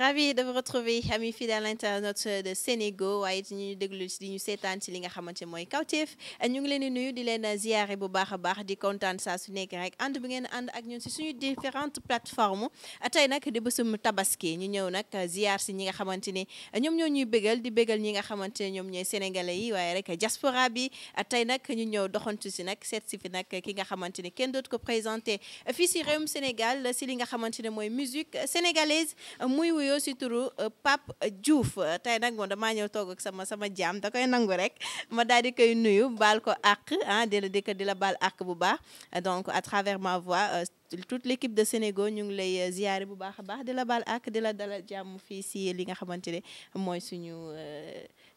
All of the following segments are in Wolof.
ravi de vous retrouver amis fidèles internautes de Sénégo waaye it ñuy déglu di ñu seetaan ci li nga xamante mooy kawteef ñu ngi leen di nuyu di leen ziare bu baax a baax di kontaan saa su nekk rek ànd bi ngeen ànd ak ñun si suñu différentes plateformes tey nag di bésum tabaski ñu ñëw nag ziar si ñi nga xamante ne ñoom ñoo ñuy bégal di bégal ñi nga xamante ne ñoom ñooy sénégalais yi waaye rek diaspora bi tey nag ñu ñëw doxantu si nag seet si fi nag ki nga xamante ne kenn dootu ko présenté fii si réewum Sénégal si li nga xamante ne mooy musique sénégalaise muy nuyoo si turu euh, Pape Diouf euh, tey nag moom damaa ñëw toog ak sama sama jaam da koy nangu rek ma daal di koy nuyu baal ko àq ah di la di ko di la baal àq bu baax donc à travers ma voix euh, toute l' de Sénégal ñu ngi lay ziyaare bu baax a baax di la baal àq di la dalal jàmm fii si li nga xamante ne mooy suñu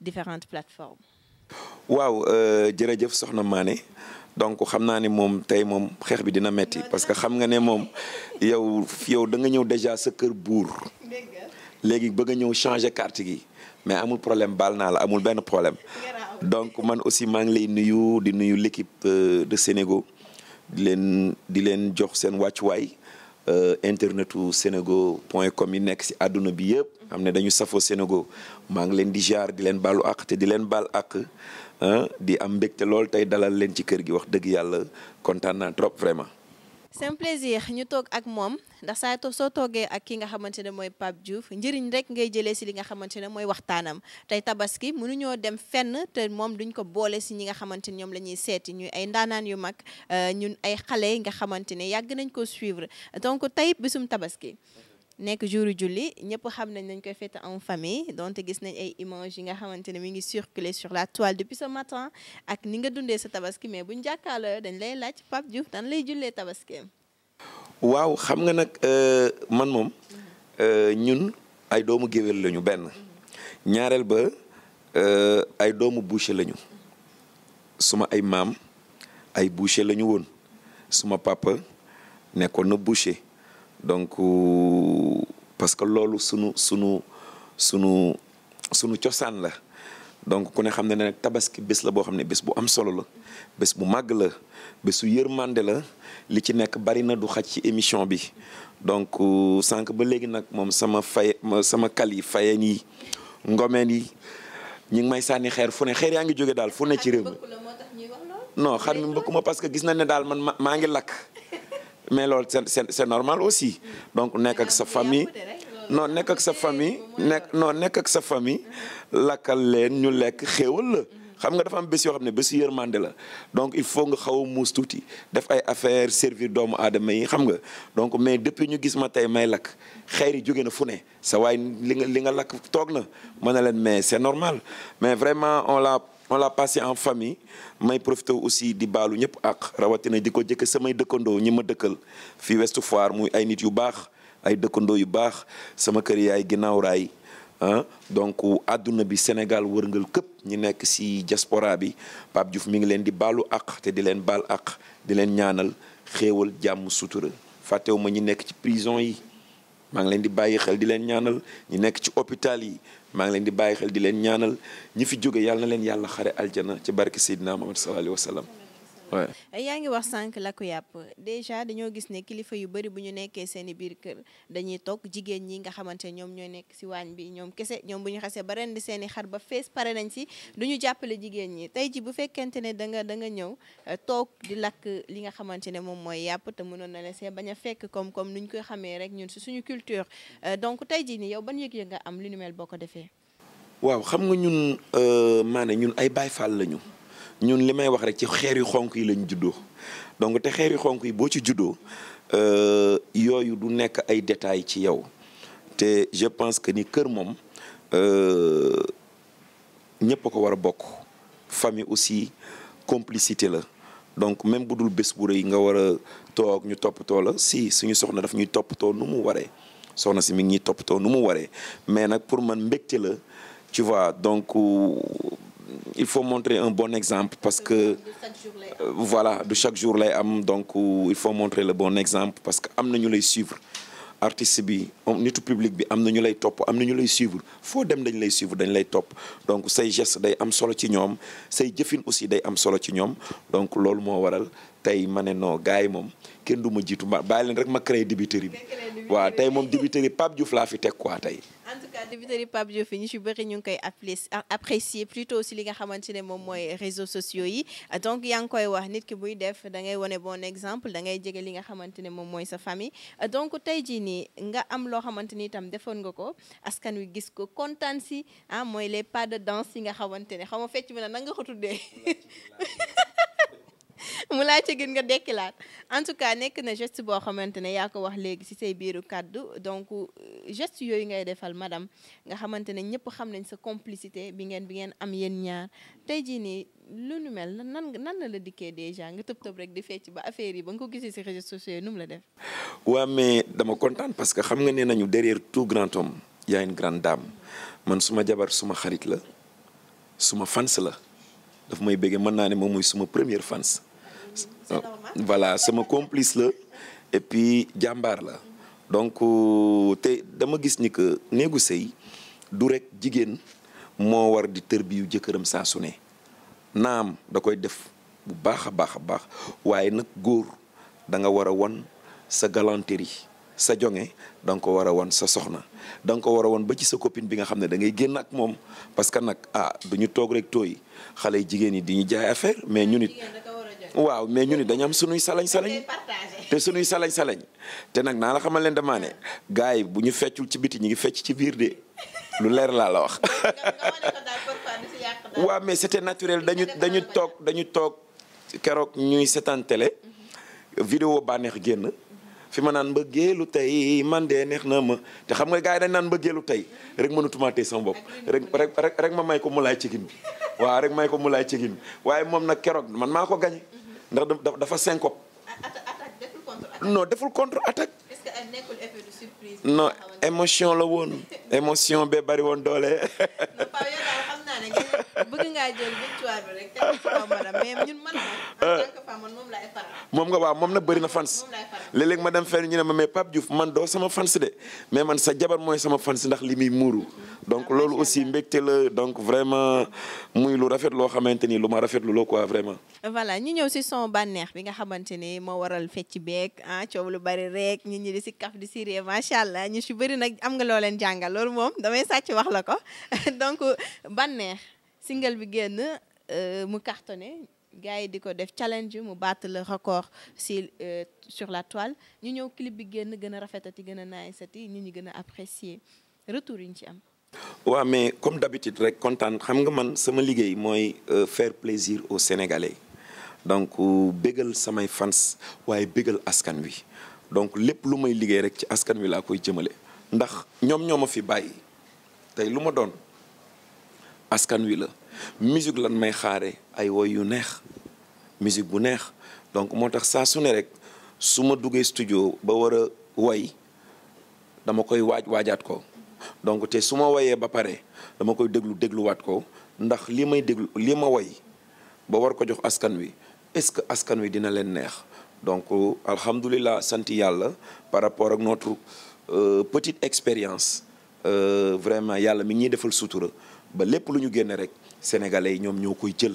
différentes plateformes. waaw jërëjëf soxna Mané donc xam naa ne moom tey moom xeex bi dina metti parce que xam nga ne moom yow yow da nga ñëw déjà sa kër buur léegi bëgg a ñëw changer kart gi mais amul problème baal naa la amul benn problème donc man aussi maa ngi lay nuyu di nuyu l'équipe euh, de Sénégo di leen di leen jox seen wàccuwaay euh, internetu Sénégo point com yi nekk si àdduna bi yëpp xam ne dañu safo Sénégo maa ngi leen di jaar di leen baalu àq te di leen baal àq di am mbégte lool tey dalal leen ci kër gi wax dëgg yàlla kontaan naa trop vraiment c'est un plaisir ñu toog ak moom ndax saa to soo toogee ak ki nga xamante ne mooy Pape Diouf njëriñ rek ngay jëlee si li nga xamante ne mooy waxtaanam tey tabaski mënuñoo dem fenn te moom duñ ko boole si ñi nga xamante ne ñoom la ñuy seeti ñuy ay ndaanaan yu mag euh, ñun ay xale yi nga xamante ne yàgg nañ ko suivre donc tey bisum tabaski nekk jouru julli ñëpp xam nañ dañ koy fête en famille donte gis nañ ay images yi nga xamante ne mi ngi circuler sur la toile depuis ce matin ak ni nga dundee sa tabaski mais bu buñ jàkkaarloo dañ lay laaj Pape Diouf dan lay jullee tabaski waaw xam nga nag euh, man moom euh, ñun ay doomu géwél lañu benn ñaareel ba euh, ay doomu boucher lañu suma ay maam ay boucher lañu woon suma papa nekkoon na boucher donc euh, parce que loolu sunu sunu sunu sunu cosaan la donc ku ne xam ne ne nag tabaski bés la boo xam ne bés bu am solo la bés bu màgg la bésu yërmande la li ci nekk bari na du xaj ci émission bi donc euh, sànq ba léegi nag moom sama fay sama kal yi fayeen yi ngomeen yi ñu ngi may sànni xeer fu ne xeer yaa ngi jóge daal fu ne ci réew mi non xar mi mbëkku ma parce que gis na ne daal man maa ngi lakk mais loolu c'est c'est normal aussi donc nekk ak sa famille non nekk ak sa famille nekk non nekk ak sa famille lakkal leen ñu lekk xéewal la xam nga dafa bés yoo xam ne bésu yërmande la donc il faut nga xaw muus tuuti def ay affaire servir doomu aadama yi xam nga donc mais depuis ñu gis ma tey may lakk xeer yi jóge na fu ne sa waay li nga li nga lakk toog na mën na leen mais c'est normal mais vraiment on l'a on l'a passé en famille may profité aussi di baalu ñëpp ak rawatina di ko jëkke samay dëkkandoo ñi ma dëkkal fii westu Foire muy ay nit yu baax ay dëkkandoo yu baax sama kër yaay ginnaaw raay ah donc àdduna bi Sénégal wërngal këpp ñi nekk ci diaspora bi Pape Diouf mi ngi leen di baalu ak te di leen baal ak di leen ñaanal xéewal jàmm sutura fàttewuma ñi nekk ci prison yi maa ngi leen di bàyyi xel di leen ñaanal ñi nekk ci hôpital yi maa ngi leen di bàyyi xel di leen ñaanal ñi fi jóge yàlla na leen yàlla xare aljana ci barke Seydina Muhammad sallallahu alayhi wa sallam yaa ngi wax sànq lakku yàpp déjà dañoo gis ne kilifa yu bëri bu ñu nekkee seen i biir kër dañuy toog jigéen ñi nga xamante ne ñoom ñooy nekk si waañ bi ñoom kese ñoom bu ñu xasee ba ren di seen i xar ba fees pare nañ si du ñu jàppale jigéen ñi tey ji bu fekkente ne danga nga da nga ñëw eh, toog di lakk li nga xamante ne moom mooy yàpp te mënoon na la see bañ a fekk comme comme ñu koy xamee rek ñun si suñu culture eh, donc tey ji ni yow ban yëg-yëg nga am li nu boo ko defee waaw xam nga ñun eh, maanaam ñun ay Baay Faal lañu ñun li may wax rek ci xeer yu xonk yi lañ juddoo donc te xeer yu xonk yi boo ci juddoo euh, yooyu du nekk ay détails ci yow te je pense que ni kër moom euh, ñëpp ko war a bokk famille aussi complicité la donc même bu dul bés bu rëy nga war a toog ñu toppatoo la si suñu soxna daf ñuy toppatoo nu mu waree soxna si mi ngi ñuy toppatoo nu mu waree mais nag pour man mbégte la tu vois donc euh, il faut montrer un bon exemple parce que euh, voilà du chaque jour lay am donc euh, il faut montrer le bon exemple parce que am na ñu lay suivre artiste bi nitu public bi am na ñu lay topp am na ñu lay suivre foo dem dañ lay suivre dañ lay topp donc say geste day am solo ci ñoom say jëfin aussi day am solo ci ñoom donc loolu moo waral tey ma ne noo gars yi moom kenn du ma jiitu ma bàyyi leen rek ma créé débiteri bi waaw tey moom débiteri Pape Diouf laa fi teg quoi tey kàddu bi tëri Pape Diouf ñu ci bëri ñu ngi koy apprécier plutôt si li nga xamante ne moom mooy réseaux sociaux yi donc yaa ngi koy wax nit ki buy def da ngay wane bon exemple dangay jege li nga xamante ne moom mooy sa famille donc tey jii nii nga am loo xamante ni itam defoon nga ko askan wi gis ko kontaan si ah mooy les pas de danse yi nga xamante ne xaw ma fecc bi na nan nga ko mu laa ci gën nga dekkilaat en tout cas nekk na geste boo xamante ne yaa ko wax léegi ci say biiru kàddu donc euh, geste yooyu ngay defal madame nga xamante ne ñëpp xam nañ sa complicité bi ngeen bi ngeen am yéen ñaar tey jii nii lu nu mel nan nan la la dikkee déjà nga tëb tëb rek di fecc ba affaire yi ba nga ko gisee ci réseaux sociaux yi nu mu la def. waaw mais dama kontaan parce que xam nga nee nañu derrière tout grand homme y une grande dame man suma jabar suma xarit la suma fans la daf may bëggee mën naa ne moom mooy suma première fans. Ah, voilà sama complice la et puis jàmbaar la donc euh, te dama gis ni que néegu sëy du rek jigéen moo war di tër bi yu jëkkëram saa su ne naam da koy def bu baax a baax a baax waaye nag góor da nga war a won sa galanterie sa jonge da nga ko war a won sa soxna da ko war a won ba ci sa copine bi nga xam ne da ngay génn ak moom parce que nag ah du ñu toog rek tooy xale jigéen yi di ñu jaay affaire mais ñu nit waaw mais ñu ni dañu am sunuy salañ salañ te sunuy salañ salañ te nag naa la xamal leen demaane ne gars yi bu ñu feccul ci biti ñu ngi fecc ci biir de lu leer laa la wax. waaw mais c'était naturel dañu dañu toog dañu toog keroog ñuy seetaan télé. Mm-hmm. video bànneex génn. Mm-hmm. fi ma naan mbëggeelu tey man de neex na ma te xam nga gars yi dañ naan mbëggeelu tey mm-hmm. rek mënatuma tey sama bopp rek rek ma may ko mu laay cegin bi waaw rek may ko mu laay cegin bi waaye moom nag keroog man maa ko gañe ndax dafa syncope. attaque deful contre deful contre attaque. est émotion la woon émotion bee bari woon doole. bëgg ngaa jël victoire bi man euh, moom nga waaw moom na bëri na fans. moom ma dem fenn ñu ne ma mais Pape Diouf man doo sama fans de mais man sa jabar mooy sama fans ndax li muy muuru. donc loolu aussi mbégte la donc vraiment muy lu rafet loo xamante ni lu ma rafetlu loo quoi vraiment. voilà ñu ñëw si son bànneex bi nga xamante ni moo waral fecc beeg ah coow lu bari rek ñun ñi di si kaf di si ree macha allah ñu si bëri nag am nga loo leen jàngal loolu moom damay sàcc wax la ko donc single bi génn euh, mu cartonné gars yi di ko def challenge mu battre la record si euh, sur la toile ñu ñëw clip bi génn gën a rafetati gën a naayisati nit ñu gën a apprécier retour yi ñu ci am. waaw mais comme d'habitude rek kontaan xam nga man sama liggéey mooy euh, faire plaisir au Sénégalais donc bégal samay fans waaye bégal askan wi donc lépp lu may liggéey rek ci askan wi laa koy jëmale. ndax ñoom ñoo ma fi bàyyi tey lu ma doon askan wi la. musique lan may xaare ay woy yu neex musique bu neex donc moo tax saa su ne rek su ma duggee studio ba war a woy dama koy waaj waajaat ko donc te su ma woyee ba pare dama koy déglu dégluwaat ko ndax li may déglu lii ma woy ba war ko jox askan wi est-ce que askan wi dina leen neex donc alhamdulilah sant yàlla par rapport ak notre euh, petite expérience euh, vraiment yàlla mi ñuy defal sutura ba lépp lu ñu génne rek sénégalais yi ñoom ñoo koy jël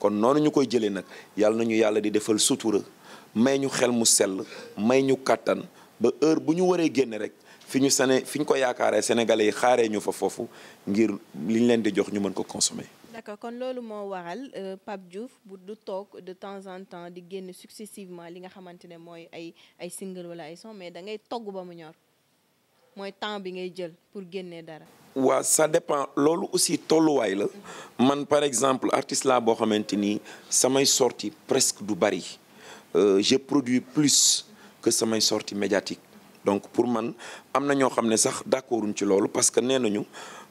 kon noonu ñu koy jëlee nag yàlla nañu yàlla di defal sutura may ñu xel mu sell may ñu kàttan ba heure bu ñu waree génne rek fi ñu sene fi ñu ko yaakaaree sénégalais yi xaaree ñu fa foofu ngir li ñu leen di jox ñu mën ko consommer. d'accord kon loolu moo waral euh, Pape Diouf bu du toog de temps en temps di génn successivement li nga xamante ne mooy ay ay single wala ay son dangay da ngay togg ba mu ñor. mooy temps bi ngay jël pour génnee dara. waa sa dépend loolu aussi tolluwaay la man par exemple artiste laa boo xamante ni samay sorties presque du bari euh, je produit plus que samay sorties médiatique donc pour man am na ñoo xam ne sax d'accorduñ ci loolu parce que nee nañu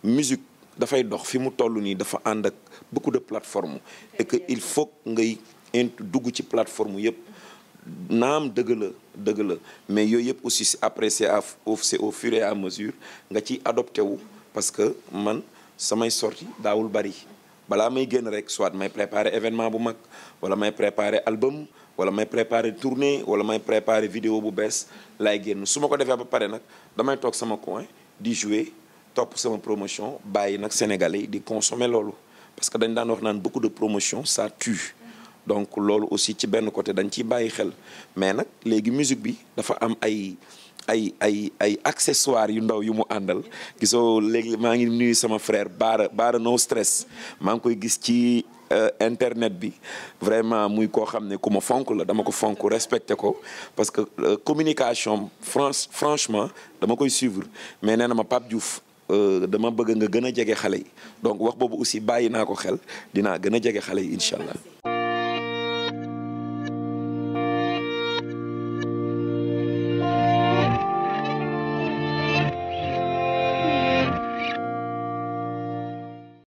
musique dafay dox fi mu toll nii dafa ànd ak beaucoup de plateforme e que il faut ngay dugg ci plateforme yépp naa naam dëgg la dëgg la mais yooyu yëpp aussi c'est après c'est à c'est au fur et à mesure nga ciy adopté wu parce que man samay sorti daawul bari balaa may génn rek soit may préparer événement bu mag wala may préparer album wala may préparer tournée wala may préparer vidéo bu bees laay génn su ma ko defee ba pare nag damay toog sama coin di jouer topp sama promotion bàyyi nag sénégalais yi di consommer loolu parce que dañ daan wax naan beaucoup de promotion ça tue donc loolu aussi ci benn côté dañ ciy bàyyi xel mais nag léegi musique bi dafa am ay ay ay ay accessoires yu ndaw yu mu àndal gisoo léegi maa ngi nuyu sama frère Baara Baara no stress maa ngi koy gis ci euh, internet bi vraiment muy koo xam ne ku ma fonk la dama ko fonk respecté ko parce que euh, communication france franchement dama koy suivre mais nee na ma Pape Diouf euh, dama bëgg nga gën a jege xale yi donc wax boobu aussi bàyyi naa ko xel dinaa gën a jege xale yi incha allah